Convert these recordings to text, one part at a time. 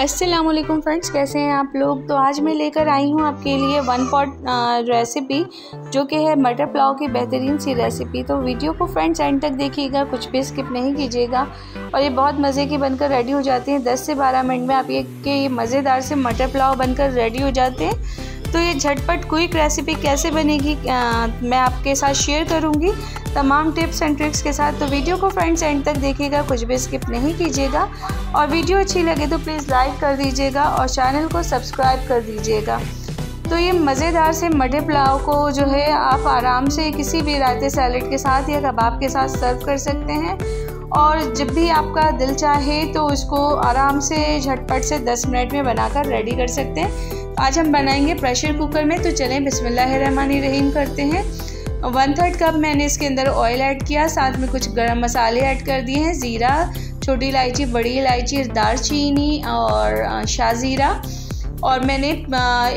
Aslam friends कैसे हैं आप लोग तो आज मैं लेकर आई हूँ आपके लिए वन पॉट रेसिपी जो कि है मटर पुलाव की बेहतरीन सी रेसिपी तो वीडियो को फ्रेंड्स एंड तक देखिएगा कुछ भी स्किप नहीं कीजिएगा और ये बहुत मज़े की बनकर रेडी हो जाती है 10 से 12 मिनट में आप ये के ये मज़ेदार से मटर पुलाव बनकर रेडी हो जाते हैं तो ये झटपट क्विक रेसिपी कैसे बनेगी आ, मैं आपके साथ शेयर करूँगी तमाम टिप्स एंड ट्रिक्स के साथ तो वीडियो को फ्रेंड्स एंड तक देखिएगा कुछ भी स्किप नहीं कीजिएगा और वीडियो अच्छी लगे तो प्लीज़ लाइक कर दीजिएगा और चैनल को सब्सक्राइब कर दीजिएगा तो ये मज़ेदार से मठे पुलाव को जो है आप आराम से किसी भी रायते सैलड के साथ या कबाब के साथ सर्व कर सकते हैं और जब भी आपका दिल चाहे तो उसको आराम से झटपट से 10 मिनट में बनाकर रेडी कर सकते हैं आज हम बनाएंगे प्रेशर कुकर में तो चलें रहीम करते हैं वन थर्ड कप मैंने इसके अंदर ऑयल ऐड किया साथ में कुछ गरम मसाले ऐड कर दिए हैं ज़ीरा छोटी इलायची बड़ी इलायची चीनी और शाह ज़ीरा और मैंने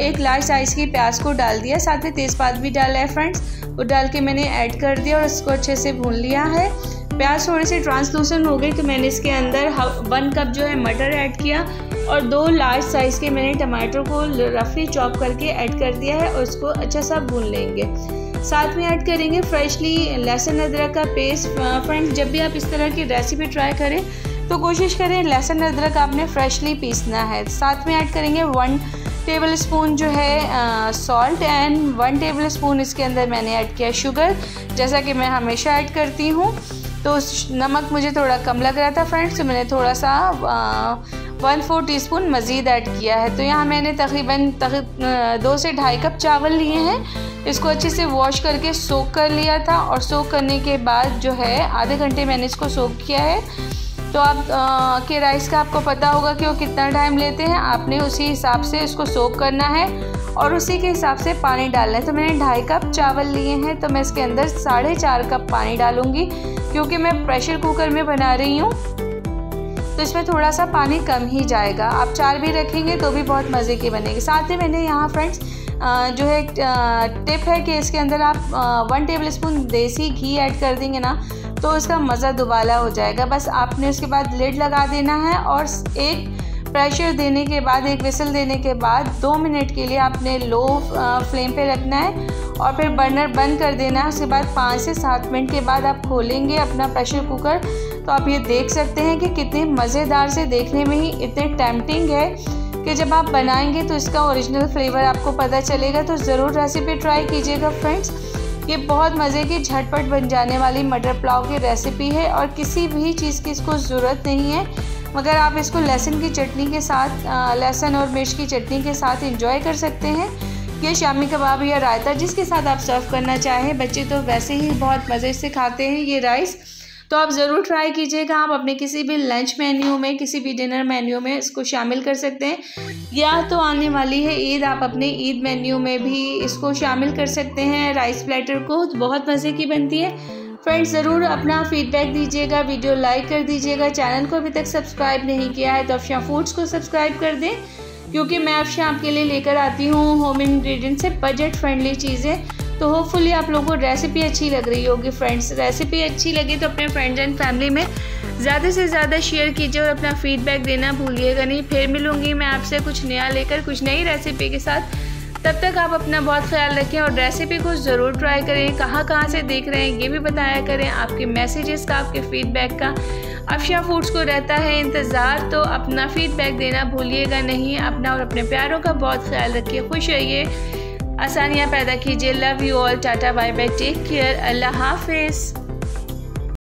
एक लार्ज साइज़ की प्याज को डाल दिया साथ में तेज़पात भी डाला है फ्रेंड्स वो डाल के मैंने ऐड कर दिया और इसको अच्छे से भून लिया है प्याज थोड़े से ट्रांसलूसन हो गए तो मैंने इसके अंदर वन कप जो है मटर ऐड किया और दो लार्ज साइज़ के मैंने टमाटर को रफली चॉप करके ऐड कर दिया है और इसको अच्छा सा भून लेंगे साथ में ऐड करेंगे फ्रेशली लहसुन अदरक का पेस्ट फ्रेंड्स जब भी आप इस तरह की रेसिपी ट्राई करें तो कोशिश करें लहसुन अदरक आपने फ्रेशली पीसना है साथ में ऐड करेंगे वन टेबल स्पून जो है salt and one tablespoon इसके अंदर मैंने ऐड किया शुगर जैसा कि मैं हमेशा ऐड करती हूँ तो नमक मुझे थोड़ा कम लग रहा था फ्रेंड्स तो मैंने थोड़ा सा वन फोर टी स्पून मज़ीद ऐड किया है तो यहाँ मैंने तकरीबन तक, दो से ढाई कप चावल लिए हैं इसको अच्छे से वॉश करके सोक कर लिया था और सोक करने के बाद जो है आधे घंटे मैंने इसको सोक किया है तो आप आ, के राइस का आपको पता होगा कि वो कितना टाइम लेते हैं आपने उसी हिसाब से इसको सोक करना है और उसी के हिसाब से पानी डालना है तो मैंने ढाई कप चावल लिए हैं तो मैं इसके अंदर साढ़े चार कप पानी डालूँगी क्योंकि मैं प्रेशर कुकर में बना रही हूँ तो इसमें थोड़ा सा पानी कम ही जाएगा आप चार भी रखेंगे तो भी बहुत मज़े की बनेगी साथ ही मैंने यहाँ फ्रेंड्स जो है टिप है कि इसके अंदर आप one tablespoon desi ghee add कर देंगे ना तो उसका मज़ा दुबाला हो जाएगा बस आपने उसके बाद लेड लगा देना है और एक प्रेशर देने के बाद एक विसल देने के बाद दो मिनट के लिए आपने लो फ्लेम पे रखना है और फिर बर्नर बंद कर देना है उसके बाद पाँच से सात मिनट के बाद आप खोलेंगे अपना प्रेशर कुकर तो आप ये देख सकते हैं कि कितने मज़ेदार से देखने में ही इतने टैम्पटिंग है कि जब आप बनाएंगे तो इसका ओरिजिनल फ्लेवर आपको पता चलेगा तो ज़रूर रेसिपी ट्राई कीजिएगा फ्रेंड्स ये बहुत मज़े की झटपट बन जाने वाली मटर पुलाव की रेसिपी है और किसी भी चीज़ की इसको ज़रूरत नहीं है मगर आप इसको लहसुन की चटनी के साथ लहसुन और मिर्च की चटनी के साथ इंजॉय कर सकते हैं ये शामी कबाब या रायता जिसके साथ आप सर्व करना चाहें बच्चे तो वैसे ही बहुत मज़े से खाते हैं ये राइस तो आप ज़रूर ट्राई कीजिएगा आप अपने किसी भी लंच मेन्यू में किसी भी डिनर मेन्यू में इसको शामिल कर सकते हैं या तो आने वाली है ईद आप अपने ईद मेन्यू में भी इसको शामिल कर सकते हैं राइस प्लेटर को तो बहुत मज़े की बनती है फ्रेंड्स ज़रूर अपना फीडबैक दीजिएगा वीडियो लाइक कर दीजिएगा चैनल को अभी तक सब्सक्राइब नहीं किया है तो अफशा फूड्स को सब्सक्राइब कर दें क्योंकि मैं आपसे आपके लिए लेकर आती हूँ होम इन्ग्रीडियंट से बजट फ्रेंडली चीज़ें तो होपफुली आप लोगों को रेसिपी अच्छी लग रही होगी फ्रेंड्स रेसिपी अच्छी लगी तो अपने फ्रेंड्स एंड फैमिली में ज़्यादा से ज़्यादा शेयर कीजिए और अपना फीडबैक देना भूलिएगा नहीं फिर मिलूँगी मैं आपसे कुछ नया लेकर कुछ नई रेसिपी के साथ तब तक आप अपना बहुत ख्याल रखें और रेसिपी को ज़रूर ट्राई करें कहाँ कहाँ से देख रहे हैं ये भी बताया करें आपके मैसेजेस का आपके फीडबैक का अफशा फूड्स को रहता है इंतज़ार तो अपना फीडबैक देना भूलिएगा नहीं अपना और अपने प्यारों का बहुत ख्याल रखिए खुश रहिए आसानियाँ पैदा कीजिए love you all tata bye bye take care अल्लाह हाफिज़